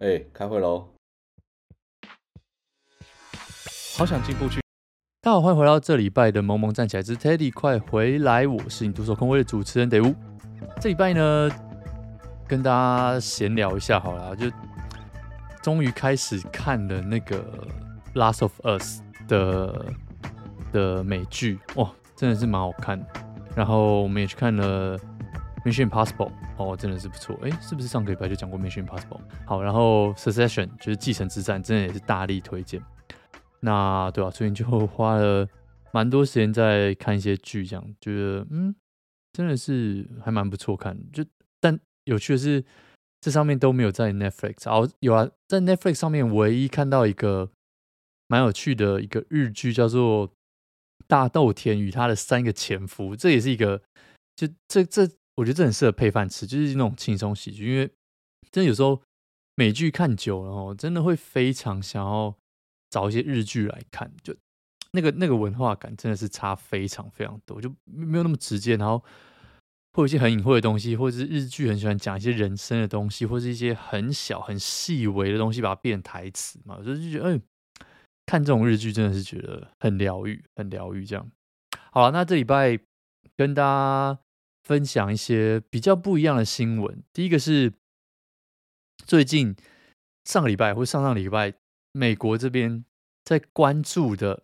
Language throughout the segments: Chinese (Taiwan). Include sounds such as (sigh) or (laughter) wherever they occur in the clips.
哎、欸，開會嘍！好想進步去。大家好，歡迎回到這禮拜的《萌萌站起來之 Teddy》就，是、快回來！我是你獨守空位的主持人德屋。這禮拜呢，跟大家閒聊一下好了，就終於開始看了那個《Last of Us》的的美劇哦，真的是蠻好看的。然後我們也去看了。Mission Possible 哦，真的是不錯，誒、欸，是不是上個禮拜就講過 Mission Impossible？好，然後 Succession 就是繼承之戰，真的也是大力推薦。那對吧、啊？最近就花了蠻多時間在看一些劇，這樣覺得，嗯，真的是還蠻不錯看。就但有趣的是，這上面都沒有在 Netflix，然後、哦、有啊，在 Netflix 上面唯一看到一個蠻有趣的一個日劇，叫做《大豆田與他的三個前夫》，這也是一個，就這這。這我覺得這很適合配飯吃，就是那種輕鬆喜劇。因為真的有時候美劇看久了，吼，真的會非常想要找一些日劇來看。就那個那個文化感真的是差非常非常多，就沒有那麼直接。然後會有一些很隱晦的東西，或者是日劇很喜歡講一些人生的東西，或者是一些很小很細微的東西，把它變成台詞嘛。我就是覺得，嗯，看這種日劇真的是覺得很療癒，很療癒。這樣好了，那這禮拜跟大家。分享一些比較不一樣的新聞。第一個是最近上個禮拜或上上禮拜，美國這邊在關注的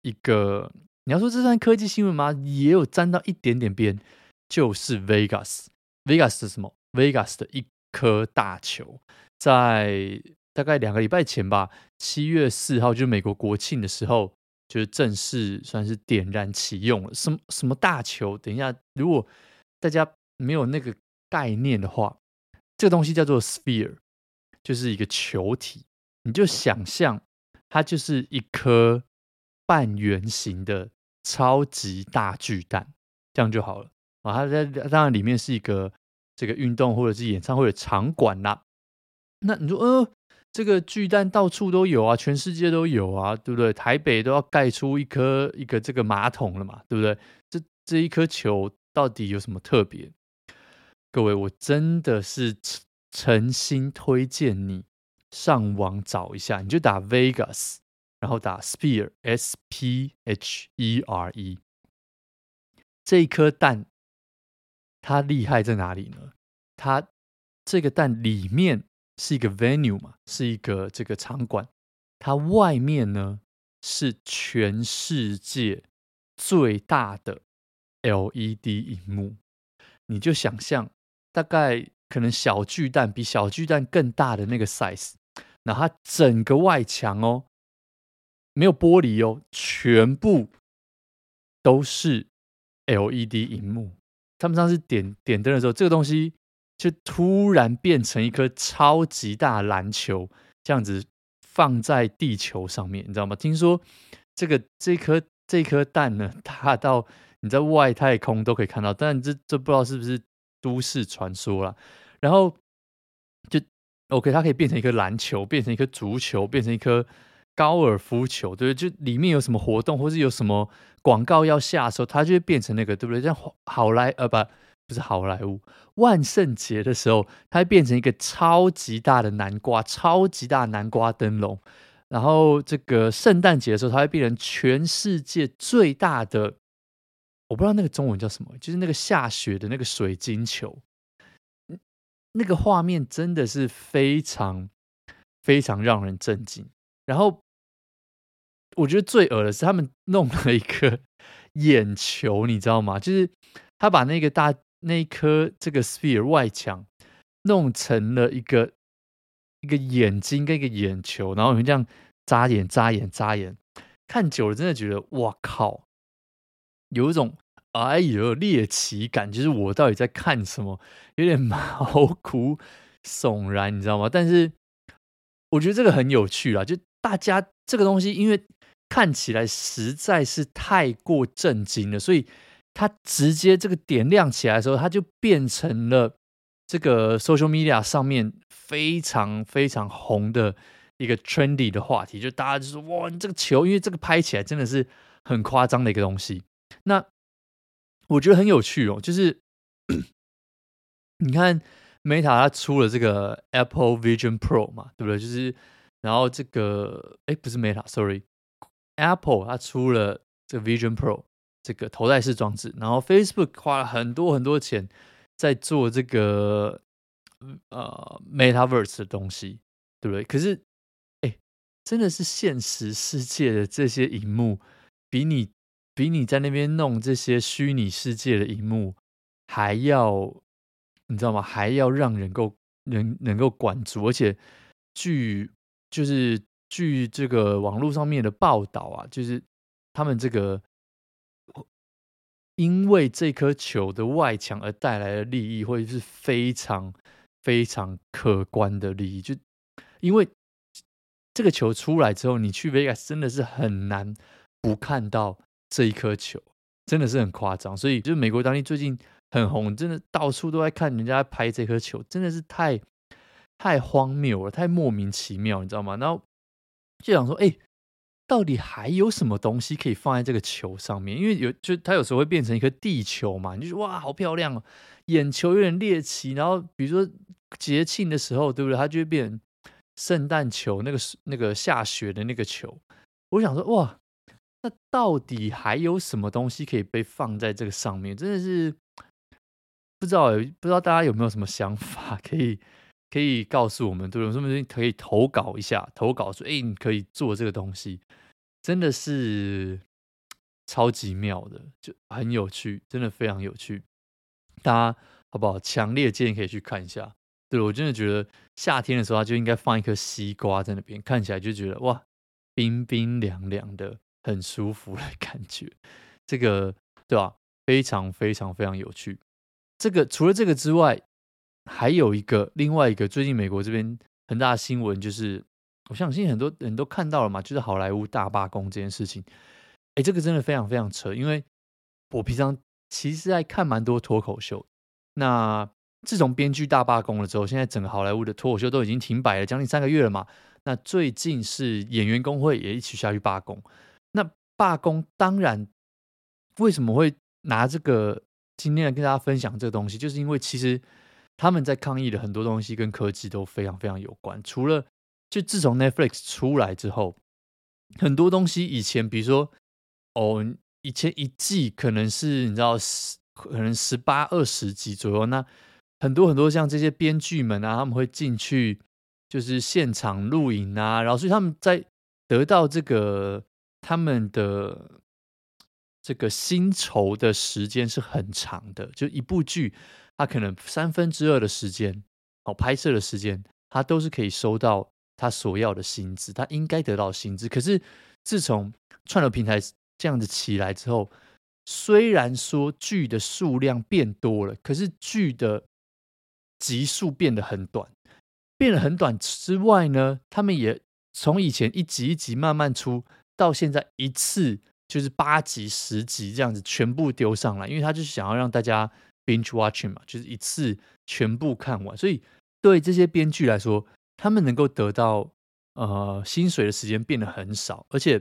一個，你要說這算科技新聞嗎？也有沾到一點點邊，就是 Vegas, Vegas Vegas 是什麼？Vegas 的一顆大球，在大概兩個禮拜前吧，七月四號，就是美國國慶的時候，就是正式算是點燃啟用了。什麼什麼大球？等一下，如果大家沒有那個概念的話，這個東西叫做 Sphere，就是一個球體。你就想象它就是一顆半圓形的超級大巨蛋，這樣就好了。啊，它在它當然裡面是一個這個運動或者是演唱會的場館啦，啊。那你說，呃，這個巨蛋到處都有啊，全世界都有啊，對不對？台北都要蓋出一顆一個這個馬桶了嘛，對不對？這這一顆球。到底有什麼特別？各位，我真的是誠心推薦你上網找一下，你就打 Vegas，然後打 Sphere，S P H E R E。這一顆蛋，它厲害在哪裡呢？它這個蛋裡面是一個 Venue 嘛，是一個這個場館，它外面呢是全世界最大的。LED 屏幕，你就想象大概可能小巨蛋比小巨蛋更大的那個 size，那它整個外牆哦，沒有玻璃哦，全部都是 LED 屏幕。他們上次點點燈的時候，這個東西就突然變成一顆超級大籃球，這樣子放在地球上面，你知道嗎？聽說這個這顆。這顆蛋呢，大到你在外太空都可以看到，但這這不知道是不是都市傳說了。然後就 OK，它可以變成一個籃球，變成一個足球，變成一顆高爾夫球，對不對？就裡面有什麼活動，或是有什麼廣告要下的時候，它就會變成那個，對不對？像好萊呃，不，不是好萊塢，萬聖節的時候，它會變成一個超級大的南瓜，超級大的南瓜燈籠。然後這個聖誕節的時候，它會變成全世界最大的，我不知道那個中文叫什麼，就是那個下雪的那個水晶球，那個畫面真的是非常非常讓人震驚。然後我覺得最惡的是，他們弄了一個眼球，你知道嗎？就是他把那個大那一顆這個 Sphere 外牆弄成了一個。一個眼睛跟一個眼球，然後我們這樣眨眼、眨眼、眨眼，看久了真的覺得哇靠，有一種哎呦獵奇感，就是我到底在看什麼，有點毛骨悚然，你知道嗎？但是我覺得這個很有趣啦，就大家這個東西，因為看起來實在是太過震驚了，所以它直接這個點亮起來的時候，它就變成了。這個 social media 上面非常非常紅的一個 trendy 的話題，就大家就說哇，這個球，因為這個拍起來真的是很誇張的一個東西。那我覺得很有趣哦，就是 (coughs) 你看 Meta 它出了這個 Apple Vision Pro 嘛，對不對？就是然後這個誒，不是 Meta，sorry，Apple 它出了這個 Vision Pro 這個頭戴式裝置，然後 Facebook 花了很多很多錢。在做這個嗯呃 Metaverse 的東西，對不對？可是，哎，真的是現實世界的這些熒幕，比你比你在那邊弄這些虛擬世界的熒幕還要，你知道嗎？還要讓人夠能能夠關注。而且據就是據這個網絡上面的報道啊，就是他們這個。因為這顆球的外牆而帶來的利益，或者是非常非常可觀的利益，就因為這個球出來之後，你去 Vegas 真的是很難不看到這一顆球，真的是很誇張。所以，就美國當地最近很紅，真的到處都在看人家拍這顆球，真的是太太荒謬了，太莫名其妙，你知道嗎？然後就想說，哎。到底還有什麼東西可以放在這個球上面？因為有，就它有時候會變成一顆地球嘛，你就覺得哇，好漂亮哦，眼球有點獵奇。然後比如說節慶的時候，對不對？它就會變成聖誕球，那個那個下雪的那個球。我想說哇，那到底還有什麼東西可以被放在這個上面？真的是不知道，不知道大家有沒有什麼想法可以可以告訴我們，對不對？我說不定可以投稿一下，投稿說哎，你可以做這個東西。真的是超級妙的，就很有趣，真的非常有趣。大家好不好？強烈建議可以去看一下。對，我真的覺得夏天的時候，就應該放一顆西瓜在那邊，看起來就覺得哇，冰冰涼涼的，很舒服的感覺。這個，對吧，啊，非常非常非常有趣。這個除了這個之外，還有一個另外一個，最近美國這邊很大的新聞就是。我相信很多人都看到了嘛，就是好萊塢大罷工這件事情。哎，這個真的非常非常扯，因為我平常其實在看蠻多脫口秀。那自從編劇大罷工了之後，現在整個好萊塢的脫口秀都已經停擺了將近三個月了嘛。那最近是演員工會也一起下去罷工。那罷工當然為什麼會拿這個今天來跟大家分享這個東西，就是因為其實他們在抗議的很多東西跟科技都非常非常有關，除了。就自從 Netflix 出來之後，很多東西以前，比如說哦，以前一季可能是你知道十可能十八二十集左右，那很多很多像這些編劇們啊，他們會進去就是現場錄影啊，然後所以他們在得到這個他們的這個薪酬的時間是很長的，就一部劇它可能三分之二的時間哦拍攝的時間，它都是可以收到。他所要的薪資，他應該得到薪資。可是自從串流平台這樣子起來之後，雖然說劇的數量變多了，可是劇的集數變得很短，變得很短之外呢，他們也從以前一集一集慢慢出，到現在一次就是八集十集這樣子全部丟上來，因為他就想要讓大家 binge watching 嘛，就是一次全部看完。所以對這些編劇來說。他們能夠得到呃薪水的時間變得很少，而且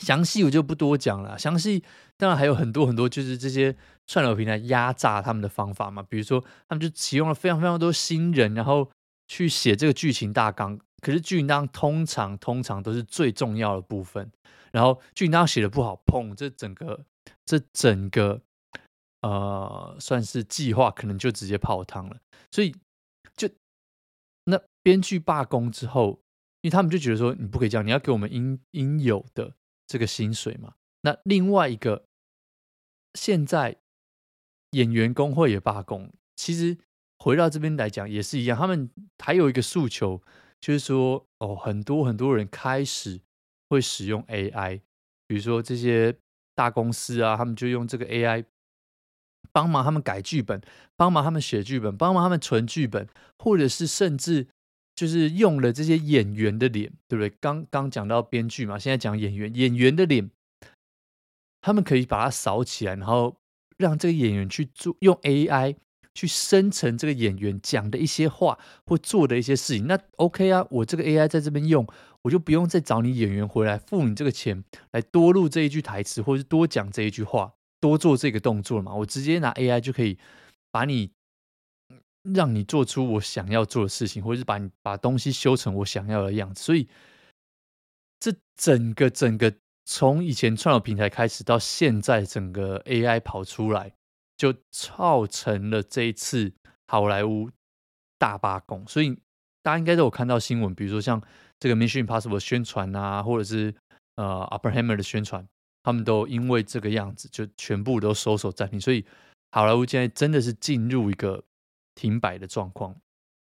詳細我就不多講了。詳細當然還有很多很多，就是這些串流平台壓榨他們的方法嘛。比如說，他們就啟用了非常非常多新人，然後去寫這個劇情大綱。可是劇情大綱通常通常都是最重要的部分，然後劇情大綱寫的不好，砰！這整個這整個呃，算是計劃可能就直接泡湯了。所以就。編劇罷工之後，因為他們就覺得說你不可以這樣，你要給我們應應有的這個薪水嘛。那另外一個，現在演員工會也罷工，其實回到這邊來講也是一樣，他們還有一個訴求就是說，哦，很多很多人開始會使用 AI，比如說這些大公司啊，他們就用這個 AI 幫忙他們改劇本，幫忙他們寫劇本，幫忙他們存劇本，或者是甚至……就是用了這些演員的臉，對不對？剛剛講到編劇嘛，現在講演員，演員的臉，他們可以把它掃起來，然後讓這個演員去做，用 AI 去生成這個演員講的一些話或做的一些事情。那 OK 啊，我這個 AI 在這邊用，我就不用再找你演員回來付你這個錢，來多錄這一句台詞，或是多講這一句話，多做這個動作嘛，我直接拿 AI 就可以把你。讓你做出我想要做的事情，或者是把你把東西修成我想要的樣子。所以，這整個整個從以前串流平台開始到現在，整個 AI 跑出來，就造成了這一次好萊塢大罷工。所以大家應該都有看到新聞，比如說像這個 Mission Impossible 的宣傳啊，或者是呃，Oppenheimer 的宣傳，他們都因為這個樣子就全部都收手暫停。所以，好萊塢現在真的是進入一個。停擺的狀況，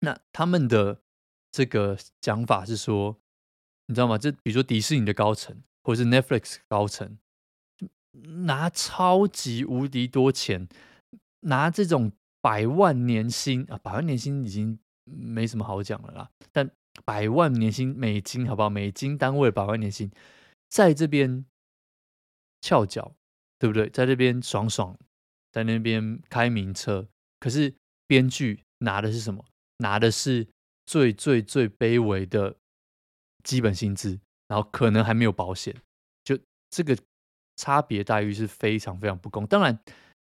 那他們的這個講法是說，你知道嗎？就比如說迪士尼的高層或者是 Netflix 高層，拿超級無敵多錢，拿這種百萬年薪啊，百萬年薪已經沒什麼好講了啦。但百萬年薪美金，好不好？美金單位百萬年薪，在這邊翹腳，對不對？在這邊爽爽，在那邊開名車，可是。編劇拿的是什麼？拿的是最最最卑微的基本薪資，然後可能還沒有保險，就這個差別待遇是非常非常不公。當然，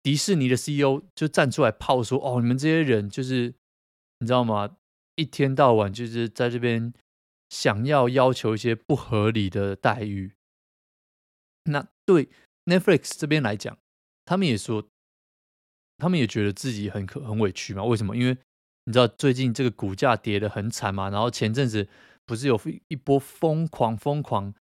迪士尼的 CEO 就站出來炮說：“哦，你們這些人就是你知道嗎？一天到晚就是在這邊想要要求一些不合理的待遇。”那對 Netflix 這邊來講，他們也說。他們也覺得自己很可很委屈嘛？為什麼？因為你知道最近這個股價跌得很慘嘛。然後前陣子不是有一波瘋狂、瘋狂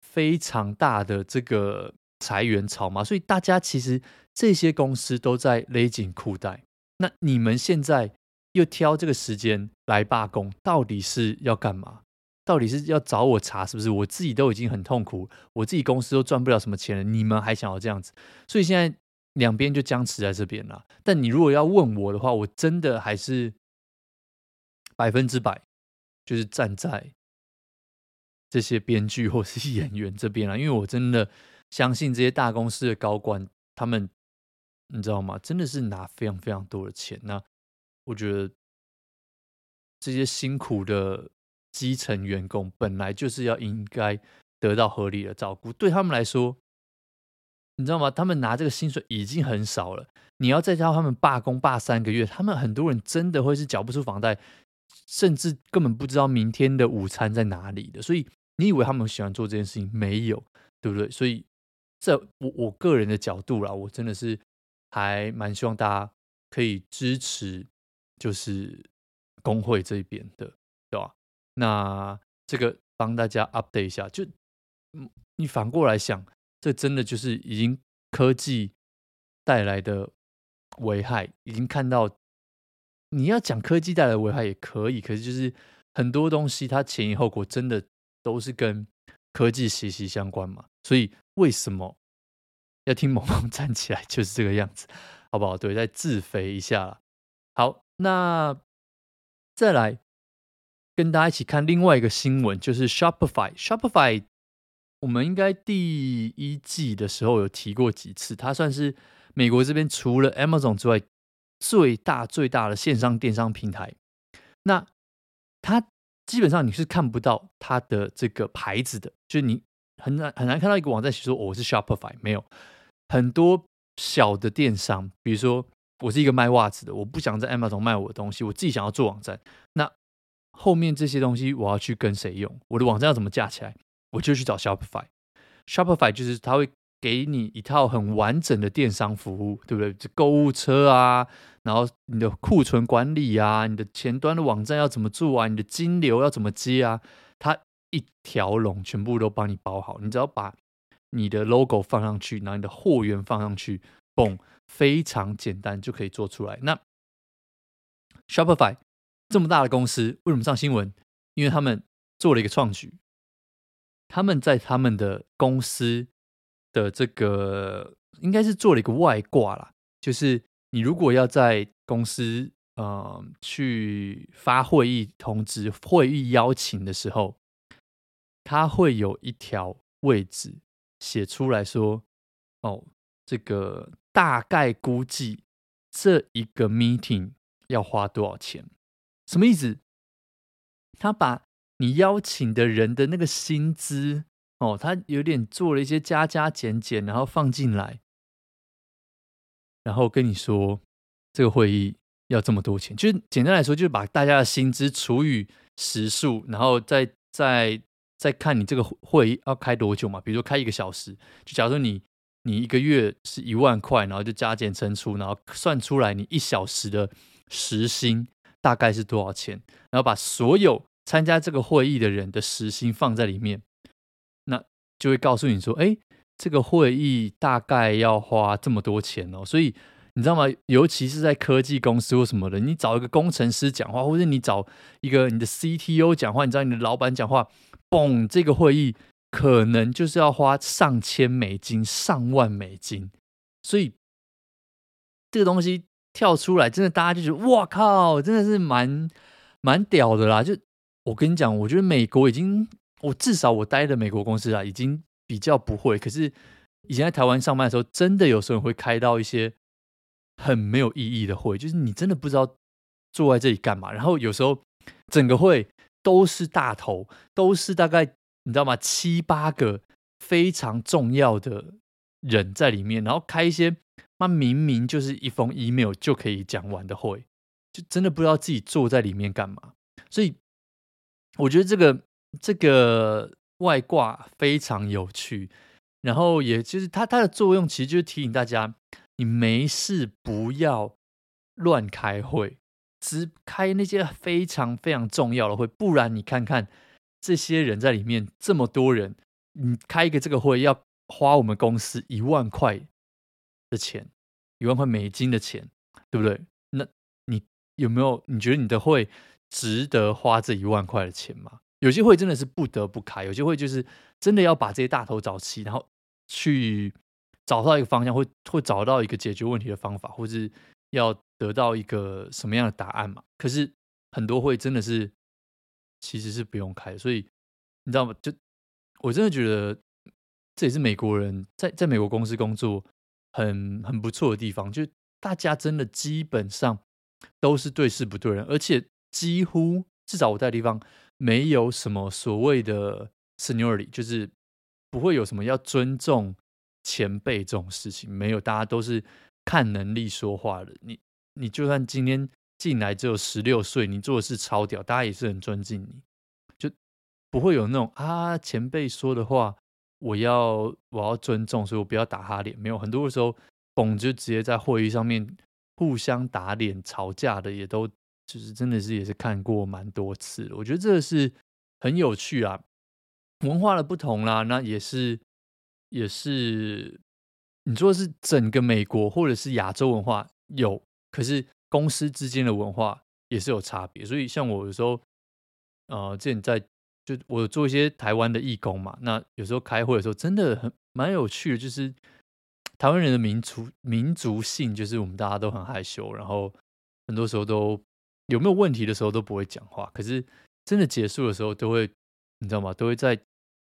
非常大的這個裁員潮嘛？所以大家其實這些公司都在勒緊褲帶。那你們現在又挑這個時間來罷工，到底是要幹嘛？到底是要找我茬？是不是？我自己都已經很痛苦，我自己公司都賺不了什麼錢了，你們還想要這樣子？所以現在。兩邊就僵持在這邊了。但你如果要問我的話，我真的還是百分之百就是站在這些編劇或是演員這邊啊，因為我真的相信這些大公司的高管，他們你知道嗎？真的是拿非常非常多的錢啊。那我覺得這些辛苦的基層員工本來就是要應該得到合理的照顧，對他們來說。你知道嗎？他們拿這個薪水已經很少了，你要再叫他們罷工罷三個月，他們很多人真的會是繳不出房貸，甚至根本不知道明天的午餐在哪裡的。所以你以為他們喜歡做這件事情？沒有，對不對？所以，在我我個人的角度啦，我真的是還蠻希望大家可以支持，就是工會這邊的，對吧？那這個幫大家 update 一下，就嗯，你反過來想。這真的就是已經科技帶來的危害，已經看到。你要講科技帶來的危害也可以，可是就是很多東西它前因後果真的都是跟科技息息相關嘛。所以為什麼要聽萌萌站起來就是這個樣子，好不好？對，再自肥一下。好，那再來跟大家一起看另外一個新聞，就是 Shopify Shopify。我們應該第一季的時候有提過幾次，它算是美國這邊除了 Amazon 之外最大最大的線上電商平台。那它基本上你是看不到它的這個牌子的，就是你很難很難看到一個網站寫說，哦，我是 Shopify，沒有，很多小的電商，比如說我是一個賣襪子的，我不想在 Amazon 賣我的東西，我自己想要做網站。那後面這些東西我要去跟誰用？我的網站要怎麼架起來？我就去找 Shopify，Shopify 就是它會給你一套很完整的電商服務，對不對？這、就是、購物車啊，然後你的庫存管理啊，你的前端的網站要怎麼做啊，你的金流要怎麼接啊，它一條龍全部都幫你包好，你只要把你的 logo 放上去，然後你的貨源放上去，嘣，非常簡單就可以做出來。那 Shopify 這麼大的公司為什麼上新聞？因為他們做了一個創舉。他們在他們的公司的這個應該是做了一個外掛啦，就是你如果要在公司嗯、呃、去發會議通知、會議邀請的時候，他會有一條位置寫出來說：“哦，這個大概估計這一個 meeting 要花多少錢？”什麼意思？他把。你邀請的人的那個薪資哦，他有點做了一些加加減減，然後放進來，然後跟你說這個會議要這麼多錢。就簡單來說，就是把大家的薪資除以時數，然後再再再看你這個會議要開多久嘛。比如說開一個小時，就假如說你你一個月是一萬塊，然後就加減乘除，然後算出來你一小時的時薪大概是多少錢，然後把所有。參加這個會議的人的時薪放在裡面，那就會告訴你說：“哎、欸，這個會議大概要花這麼多錢哦。”所以你知道嗎？尤其是在科技公司或什麼的，你找一個工程師講話，或者你找一個你的 CTO 講話，你知道你的老闆講話，嘣，這個會議可能就是要花上千美金、上萬美金。所以這個東西跳出來，真的大家就覺得“哇靠”，真的是蠻蠻屌的啦，就。我跟你講，我覺得美國已經，我至少我待的美國公司啊，已經比較不會。可是以前在台灣上班的時候，真的有時候會開到一些很沒有意義的會，就是你真的不知道坐在這裡幹嘛。然後有時候整個會都是大頭，都是大概你知道嗎？七八個非常重要的人在裡面，然後開一些他明明就是一封 email 就可以講完的會，就真的不知道自己坐在裡面幹嘛，所以。我覺得這個這個外掛非常有趣，然後也就是它它的作用其實就是提醒大家，你沒事不要亂開會，只開那些非常非常重要的會，不然你看看這些人在裡面這麼多人，你開一個這個會要花我們公司一萬塊的錢，一萬塊美金的錢，對不對？那你有沒有？你覺得你的會？值得花這一萬塊的錢嗎？有些會真的是不得不開，有些會就是真的要把這些大頭找齊，然後去找到一個方向，或或找到一個解決問題的方法，或是要得到一個什麼樣的答案嘛？可是很多會真的是其實是不用開，所以你知道嗎？就我真的覺得這也是美國人在在美國公司工作很很不錯的地方，就大家真的基本上都是對事不對人，而且。幾乎至少我在地方沒有什麼所謂的 seniority，就是不會有什麼要尊重前輩這種事情，沒有，大家都是看能力說話的。你你就算今天進來只有十六歲，你做的事超屌，大家也是很尊敬你，就不會有那種啊前輩說的話我要我要尊重，所以我不要打他臉。沒有，很多的時候，我們就直接在會議上面互相打臉吵架的也都。就是真的是也是看過蠻多次，我覺得這個是很有趣啊，文化的不同啦，啊，那也是也是你說是整個美國或者是亞洲文化有，可是公司之間的文化也是有差別，所以像我有時候，呃，之前在就我做一些台灣的義工嘛，那有時候開會的時候真的很蠻有趣的，就是台灣人的民族民族性，就是我們大家都很害羞，然後很多時候都，有沒有問題的時候都不會講話，可是真的結束的時候都會，你知道嗎？都會再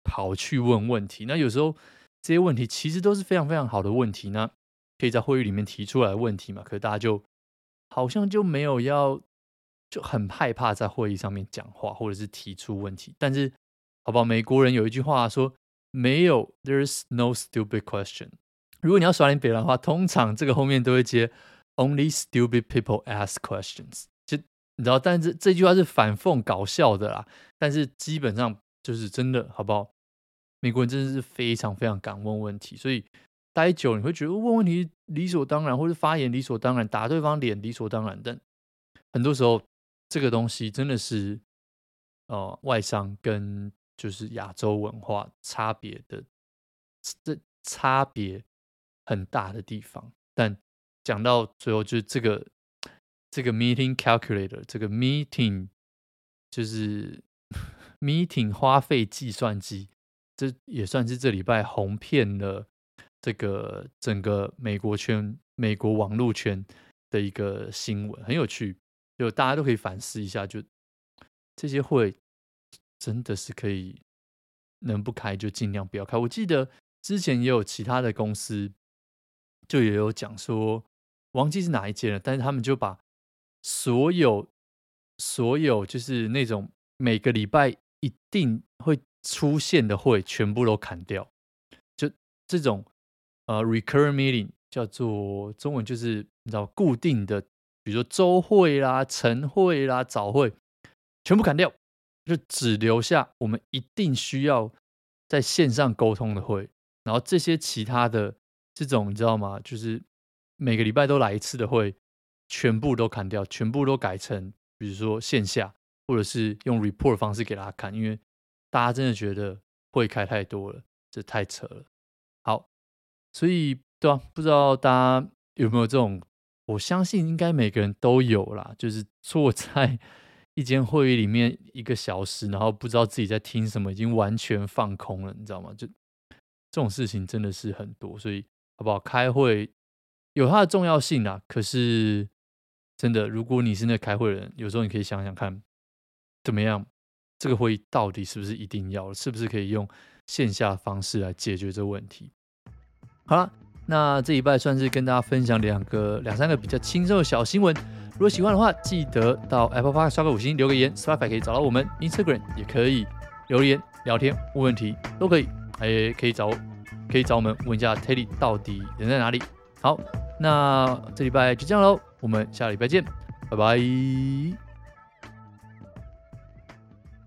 跑去問問題。那有時候這些問題其實都是非常非常好的問題，那可以在會議裡面提出來問題嘛？可是大家就好像就沒有要就很害怕在會議上面講話或者是提出問題。但是，好不好？美國人有一句話說：沒有，there's no stupid question。如果你要耍臉別的話，通常這個後面都會接：only stupid people ask questions。你知道，但是這句話是反諷搞笑的啦。但是基本上就是真的，好不好？美國人真的是非常非常敢問問題，所以待久你會覺得、哦、問問題理所當然，或者發言理所當然，打對方臉理所當然。但很多時候，這個東西真的是呃外商跟就是亞洲文化差別的這差別很大的地方。但講到最後，就是這個。這個 meeting calculator，這個 meeting 就是 meeting 花費計算機，這也算是這禮拜紅遍了這個整個美國圈、美國網絡圈的一個新聞，很有趣，就大家都可以反思一下，就這些會真的是可以能不開就盡量不要開。我記得之前也有其他的公司就也有講說，忘記是哪一間了，但是他們就把。所有所有就是那種每個禮拜一定會出現的會，全部都砍掉。就這種呃，recurring meeting 叫做中文就是你知道固定的，比如說週會啦、晨會啦、早會，全部砍掉，就只留下我們一定需要在線上溝通的會。然後這些其他的這種你知道嗎？就是每個禮拜都來一次的會。全部都砍掉，全部都改成，比如說線下，或者是用 report 方式給大家看，因為大家真的覺得會開太多了，這太扯了。好，所以對吧？不知道大家有沒有這種，我相信應該每個人都有啦，就是坐在一間會議裡面一個小時，然後不知道自己在聽什麼，已經完全放空了，你知道嗎？就這種事情真的是很多，所以好不好？開會有它的重要性啦，可是。真的，如果你是那個開會的人，有時候你可以想想看，怎麼樣，這個會議到底是不是一定要？是不是可以用線下的方式來解決這個問題？好了，那這禮拜算是跟大家分享兩個兩三個比較輕鬆的小新聞。如果喜歡的話，記得到 Apple Podcast 刷個五星，留個言。Spotify 可以找到我們，Instagram 也可以留言聊天問問題都可以。哎，可以找可以找我們問一下 Teddy 到底人在哪裡？好，那這禮拜就這樣嘍。我們下禮拜見，拜拜。